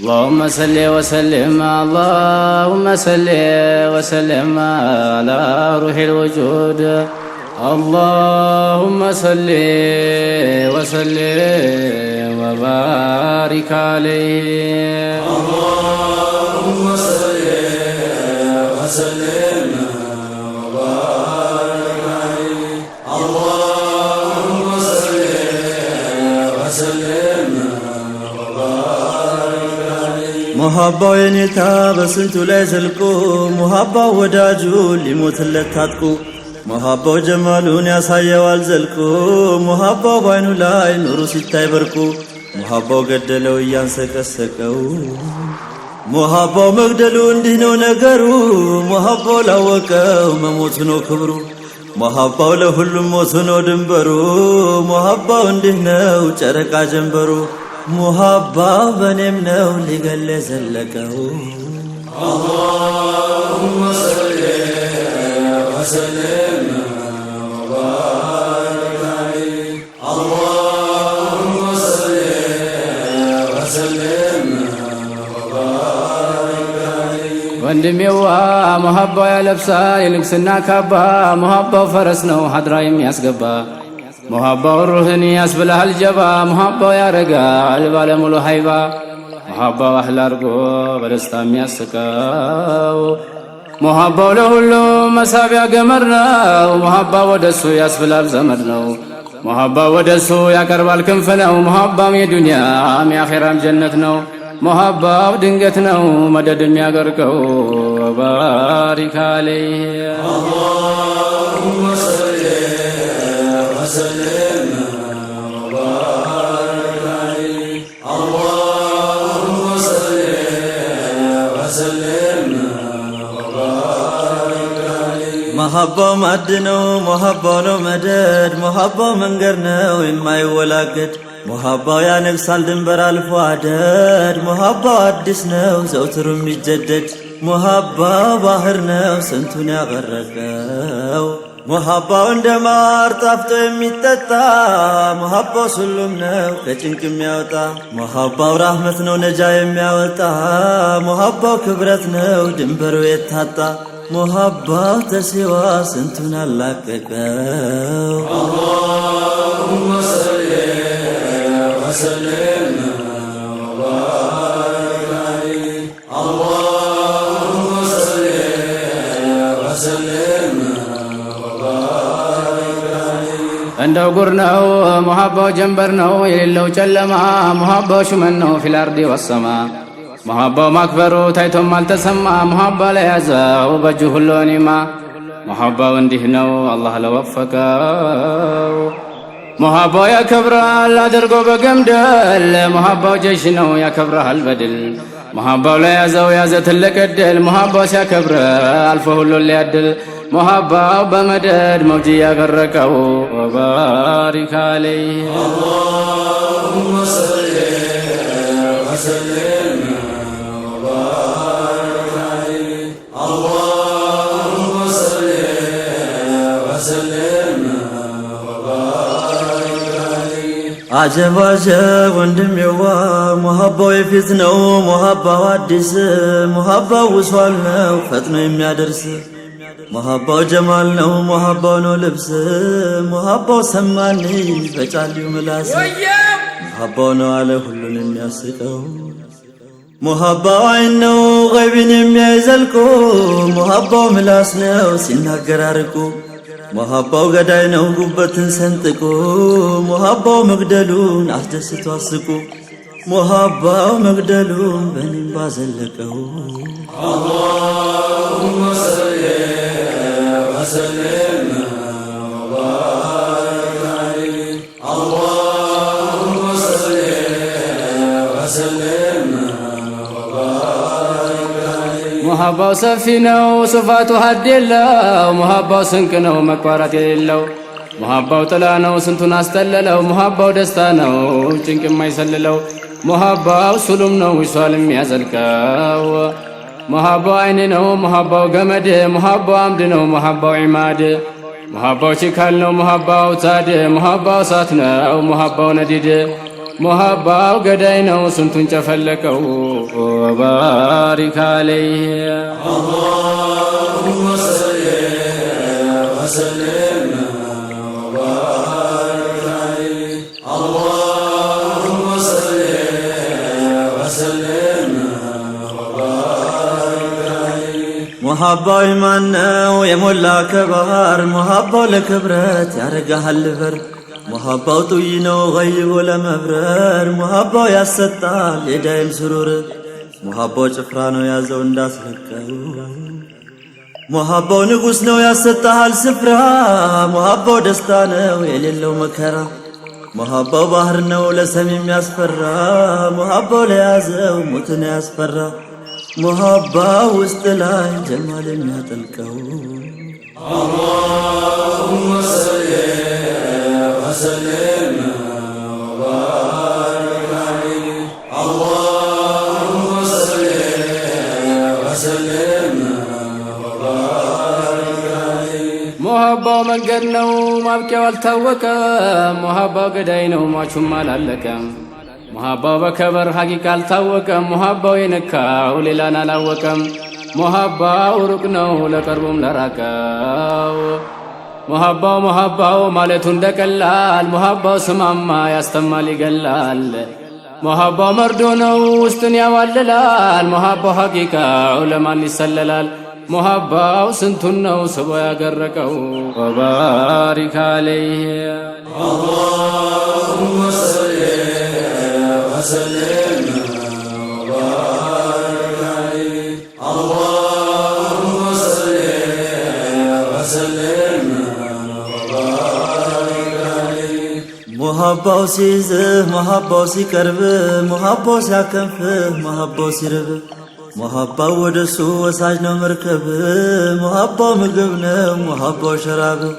اللهم صل وسلم اللهم صل وسلم على روح الوجود اللهم صل وسلم وبارك عليه اللهم صل وسلم ሙሃባው የኔታ በስንቱ ላይ ዘልቆ ሙሃባው ወዳጁ ሊሞትለት ታጥቆ ሙሃባው ጀማሉን ያሳየዋል ዘልቆ ሙሃባው ባይኑ ላይ ኑሩ ሲታይ በርቆ ሙሃባው ገደለው እያንሰቀሰቀው ሙሃባው መግደሉ እንዲህ ነው ነገሩ ሙሃባው ላወቀው መሞት ነው ክብሩ ሙሃባው ለሁሉም ሞት ነው ድንበሩ ሙሃባው እንዲህ ነው ጨረቃ ጀንበሩ ሙሃባ በእኔም ነው ሊገል የዘለቀው። አላሁመ ሰሊ ወሰለም ወንድሜዋ ሙሃባው ያለብሳል የንግስና ካባ ሙሃባው ፈረስ ነው ሀድራ የሚያስገባ ሙሃባው ሩህን ያስብልሃል ጀባ ሙሐባው ያረጋል ባለሙሉ ሀይባ ሙሐባው አህል አርጎ በደስታ የሚያስቀው ሙሃባው ለሁሉም መሳቢያ ገመድ ነው። ሙሐባው ወደሱ ያስብላል ዘመድ ነው። ሙሃባ ወደሱ ያቀርባል ክንፍ ነው። ሙሐባም የዱንያም የአኼራም ጀነት ነው። ሙሐባው ድንገት ነው መደድ የሚያገርቀው ባሪክ አለይህ መሀባው ማድ ነው፣ መሀባው ነው መደድ፣ መሀባው መንገድ ነው የማይወላገድ፣ መሀባው ያነግሳል ድንበር አልፎ አደድ፣ መሀባው አዲስ ነው ዘውትሩ የሚጀደድ፣ መሀባው ባህር ነው ስንቱን ያበረቀው ሙሀባው እንደ ማር ጣፍጦ የሚጠጣ ሙሀባው ሱሉም ነው ከጭንቅ የሚያወጣ ሙሀባው ራህመት ነው ነጃ የሚያወጣ ሙሀባው ክብረት ነው ድንበሩ የታጣ ሙሀባው ተሲዋ ስንቱን አላቀቀው። አላሁመ ሰሊ እንደው ጉር ነው ሙሐባው ጀንበር ነው የሌለው ጨለማ ሙሐባው ሹመን ነው ፊል አርዲ ወሰማ ሙሐባው ማክበሩ ታይቶም አልተሰማ ሙሐባ ላይ ያዘው በእጁ ሁሉ ኒማ ሙሐባው እንዲህ ነው አላህ ለወፈቀው ሙሐባው ያከብራል አድርጎ በገምደል ሙሐባው ጀሽ ነው ያከብረሃል በድል ሙሐባው ላይ ያዘው ያዘ ትልቅ እድል ሙሐባው ሲያከብረ አልፎ ሁሉን ሊያድል ሙሃባው በመደድ መውጅ ያገረቀው ወባሪክ አለይህ አጀብ አጀብ ወንድሜዋ ሙሃባው የፊት ነው ሙሃባው አዲስ ሙሃባው ውሷል ነው ፈጥኖ የሚያደርስ ሙሀባው ጀማል ነው፣ ሙሀባው ነው ልብስ፣ ሙሀባው ሰማን በጫሊው ምላስ፣ ሙሀባው ነው አለ ሁሉን የሚያስቀው፣ ሙሀባው አይን ነው ገይብን የሚያይዘልቆ፣ ሙሀባው ምላስ ነው ሲናገር አርቆ፣ ሙሀባው ገዳይ ነው ጉበትን ሰንጥቆ፣ ሙሀባው መግደሉን አስደስቶ አስቁ! ሙሀባው መግደሉን በኒምባ ዘለቀው ሙሃባው ሰፊ ነው፣ ስፋቱ ሀድ የለው። ሙሃባው ስንቅ ነው፣ መቋረጥ የሌለው። ሙሃባው ጥላ ነው፣ ስንቱን አስጠለለው። ሙሃባው ደስታ ነው፣ ጭንቅ የማይሰልለው። ሙሃባው ሱሉም ነው፣ ይሷል የሚያዘልቀው መሃባው አይን ነው፣ መሃባው ገመድ፣ መሃባው አምድ ነው፣ መሃባው ዒማድ፣ መሃባው ችካል ነው፣ መሃባው አውታድ፣ መሃባው እሳት ነው፣ መሃባው ነዲድ፣ መሃባው ገዳይ ነው። ስንቱን ጨፈለቀው ባሪክ አለይህ ሙሃባው ኢማን ነው የሞላ ከባህር ሙሃባው ለክብረት ያረጋሃል በር መሃባው ጡይ ነው ገይቦ ለመብረር ሙሃባው ያሰጣል የዳይም ስሩር መሃባው ጭፍራ ነው ያዘው እንዳስለቀው ሙሃባው ንጉሥ ነው ያሰጣሃል ስፍራ መሃባው ደስታ ነው የሌለው መከራ መሃባው ባህር ነው ለሰሚ የሚያስፈራ ሙሃባው ለያዘው ሞትን ያስፈራ መሀባ ውስጥ ላይ ጀማል የሚያጠልቀው አላሁመ ሞሃባው መንገድ ነው ማብቂያው አልታወቀ። ሞሃባው ገዳይ ነው ሟቹም አላለቀም። ሙሃባው በከበር ሐቂቃ አልታወቀም። ሙሃባው የነካው ሌላን አላወቀም። ሙሃባው ሩቅ ነው ለቀርቡም ለራቀው ሙሃባው ሙሃባው ማለቱ እንደቀላል ሙሃባው ስማማ ያስተማል ይገላል። ሙሃባው መርዶ ነው ውስጥን ያዋልላል። ሙሃባው ሐቂቃው ለማን ይሰለላል? ሙሃባው ስንቱን ነው ስቦ ያገረቀው ወባሪክ አለይህ መሃባው ሲይዝህ መሃባው ሲቀርብህ ሙሃባው ሲያከንፍህ መሃባው ሲርብህ መሃባው ወደሱ ወሳጅ ነው መርከብህ መሃባው ምግብ ነው መሃባው ሸራብህ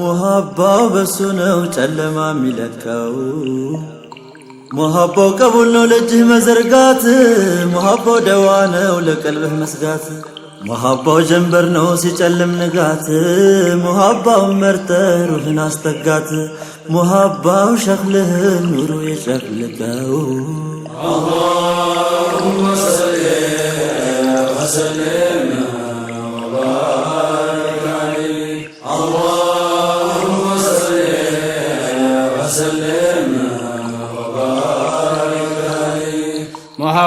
መሃባው በሱ ነው ጨለማ የሚለካው ሞሀቦ ቀቡል ነው ለእጅህ መዘርጋት ሞሀቦ ደዋ ነው ለቀልብህ መስጋት ሞሀቦ ጀንበር ነው ሲጨልም ንጋት ሞሀባው መርተ ሩህን አስተጋት ሞሀባው ሸክልህን ኑሩ የሸክልከው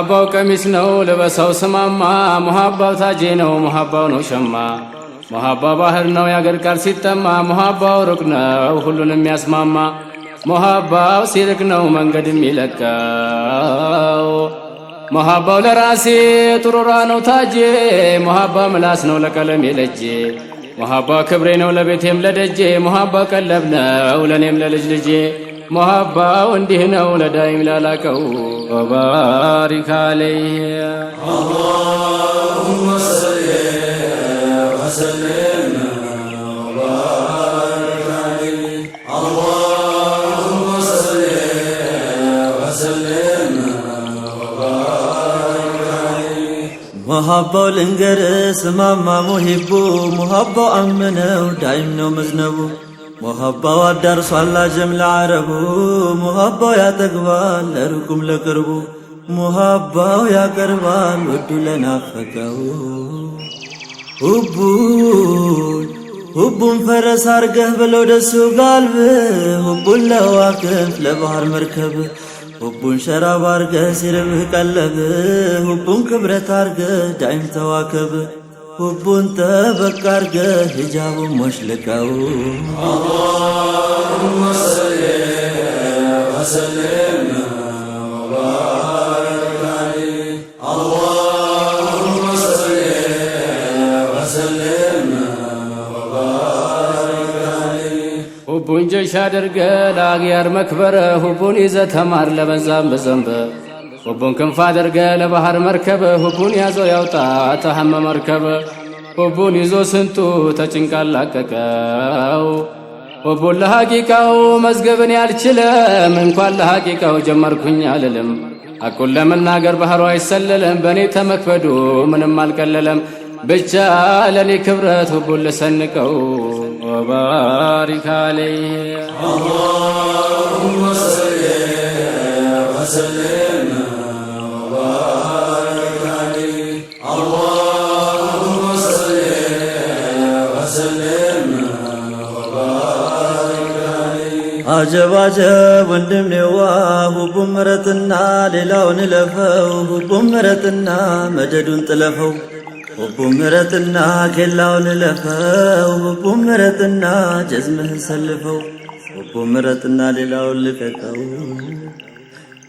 ሙሃባው ቀሚስ ነው ልበሰው ስማማ፣ ሙሃባው ታጄ ነው ሙሃባው ነው ሸማ፣ ሙሃባው ባህር ነው የአገር ቃል ሲጠማ፣ ሙሃባው ሩቅ ነው ሁሉንም ያስማማ፣ ሙሃባው ሲርቅ ነው መንገድ የሚለቀው። ሙሃባው ለራሴ ጥሩራ ነው ታጄ፣ ሙሃባ ምላስ ነው ለቀለም የለጄ፣ ሙሃባ ክብሬ ነው ለቤቴም ለደጄ፣ ሙሃባ ቀለብ ነው ለእኔም ለልጅ ልጄ ሞሀባው እንዲህ ነው ለዳይም ላላቀው ወባሪክ አለይህ ልንገር ስማማ ሙሂቡ ሙሃባው አምነው ዳይም ነው መዝነቡ ሙሀባው አዳርሷል አጀም ለዓረቡ ሙሀባው ያጠግባል ለሩቁም ለቅርቡ ሙሀባው ያቀርባል ወዱ ለናፈቀው ሁቡን ሁቡን ፈረስ አርገህ ብለው ደሱ ጋልብህ ሁቡን ለዋክፍ ለባህር መርከብ ሁቡን ሸራብ አርገህ ሲርብህ ቀለብህ ሁቡን ክብረት አርገህ ዳይም ተዋከብህ ሁቡን ጠበቅ አርገህ ሂጃቡ ሞሽልቀው ሁቡን ጀሽ አድርገ ለአግያር መክበረ ሁቡን ይዘ ተማር ለበዛም በዘንበ ቁቡን ክንፍ አድርገ ለባህር መርከብ ሁቡን ያዞ ያውጣ ተሐመ መርከብ ሁቡን ይዞ ስንቱ ተጭንቃላቀቀው ሁቡን ለሐቂቃው መዝገብን ያልችለም እንኳን ለሐቂቃው ጀመርኩኝ አልልም አቁን ለመናገር ባህሩ አይሰለለም በእኔ ተመክበዱ ምንም አልቀለለም ብቻ ለእኔ ክብረት ሁቡን ልሰንቀው ወባሪክ አለይህ አጀባጀብ ወንድም ኔዋ ሁቡም ምረጥና ሌላውን እለፈው ሁቡም ምረጥና መደዱን ጥለፈው ሁቡም ምረጥና ኬላውን እለፈው ሁቡም ምረጥና ጀዝምህን ሰልፈው ሁቡም ምረጥና ሌላውን ልቀቀው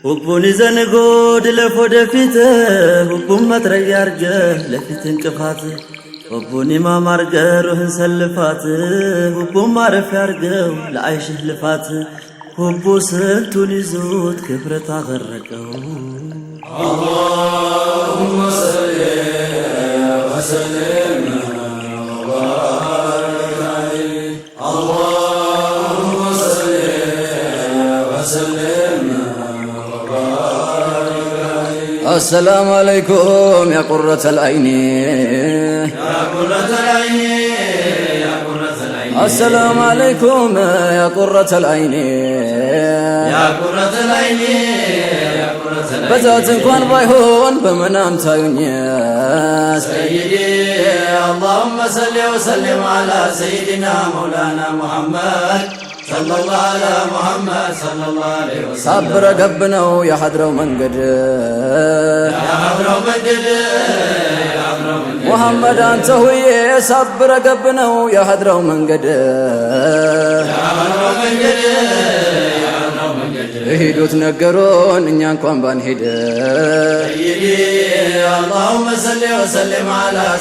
ሁቡን ይዘንጎ ድለፍ ወደፊት ሁቡም መጥረያ አርገህ ለፊት እንቅፋት ربوني ما مرق روحن سلفات هبو ما رفع رقو لعيشه لفات هبو سلتو لزود كبرة غرقو اللهم صل وسلم وبارك عليه الله السلام عليكم يا قرة العين يا قرة العين السلام عليكم يا قرة العين يا قرة العين በዛት እንኳን ባይሆን بمنام تايوني سيدي اللهم صل وسلم على سيدنا مولانا محمد ሳብረ ገብ ነው የሐድረው መንገድ ሙሐመድ አንተ ሁዬ ሳብረ ገብ ነው የሐድረው መንገድ ሂዱት ነገሮን እኛ እንኳን ባንሄድ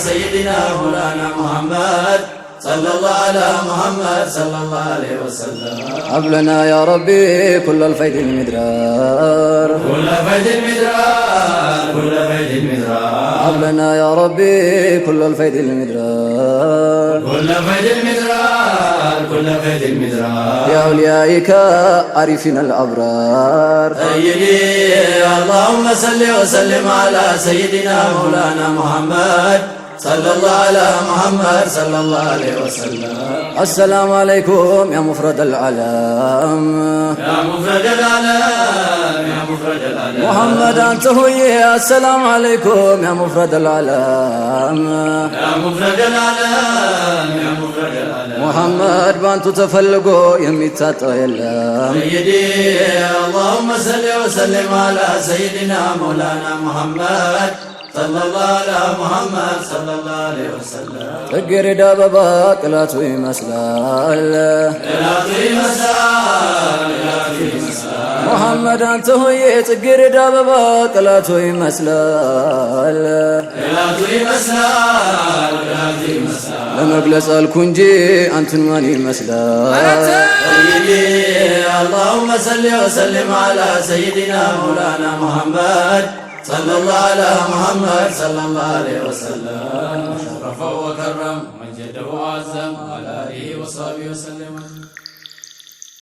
ሰይዲና ሁላና ሙሐመድ صلى الله على محمد صلى الله عليه وسلم قبلنا يا ربي كل الفيد المدرار كل الفيد المدرار كل الفيد المدرار قبلنا يا ربي كل الفيد المدرار كل الفيد المدرار كل فيض المدرار يا أوليائك عارفين الأبرار سيدي اللهم صل وسلم على سيدنا مولانا محمد صلى الله على محمد صلى الله عليه وسلم السلام عليكم يا مفرد العلام يا مفرد العلام يا مفرد العلام محمد أنت هوي السلام عليكم يا مفرد العلام يا مفرد العلام يا مفرد العلام محمد بانت تفلقوا يمي يلا سيدي اللهم صل وسلم على سيدنا مولانا محمد ጽጌረዳ አበባ ቅላቱ ይመስላል ሙሐመድ አንተ ሆዬ ጽጌረዳ አበባ ቅላቱ ይመስላል ለመግለጽ አልኩ እንጂ አንተን ማን ይመስላል? አላሁመ ሰሊ ወሰሊም አላ ሰይዲና ሙላና ሙሐመድ صلى الله على محمد صلى الله عليه وسلم شرفه وكرم مجد وعزم على آله وصحبه وسلم